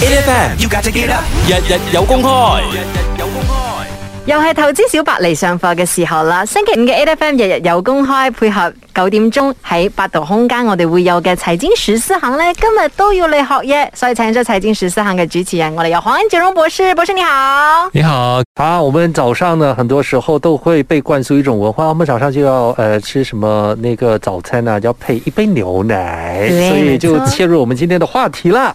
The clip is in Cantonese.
8FM 要架只機啦，日日有公開，日日有公開，又係投資小白嚟上課嘅時候啦。星期五嘅 8FM 日日有公開，配合九點鐘喺八度空間，我哋會有嘅財經十四行咧，今日都要嚟學嘢，所以請咗財經十四行嘅主持人，我哋有黃錦榮博士，博士你好，你好，啊，我們早上呢，很多時候都會被灌輸一種文化，我們早上就要，誒、呃，吃什麼那個早餐呢？要配一杯牛奶，所以就切入我們今天的話題啦。